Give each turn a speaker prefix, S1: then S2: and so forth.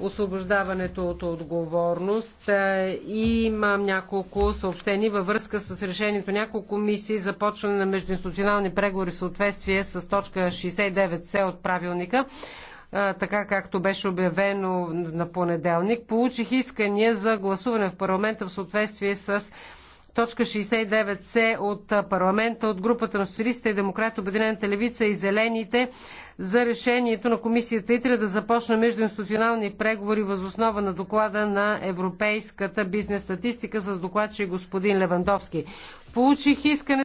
S1: освобождаването от отговорност. Е, имам няколко съобщени във връзка с решението няколко комисии за почване на междуинституционални преговори в съответствие с точка 69С от правилника е, така както беше обявено на понеделник. Получих искания за гласуване в парламента в съответствие с точка 69С от парламента от групата на социалистите и демократи, Обединената левица и Зелените за решението на комисията ИТРЕ да започне междуинституционални преговори въз основа на доклада на Европейската бизнес статистика с докладчик господин Левандовски. Получих искане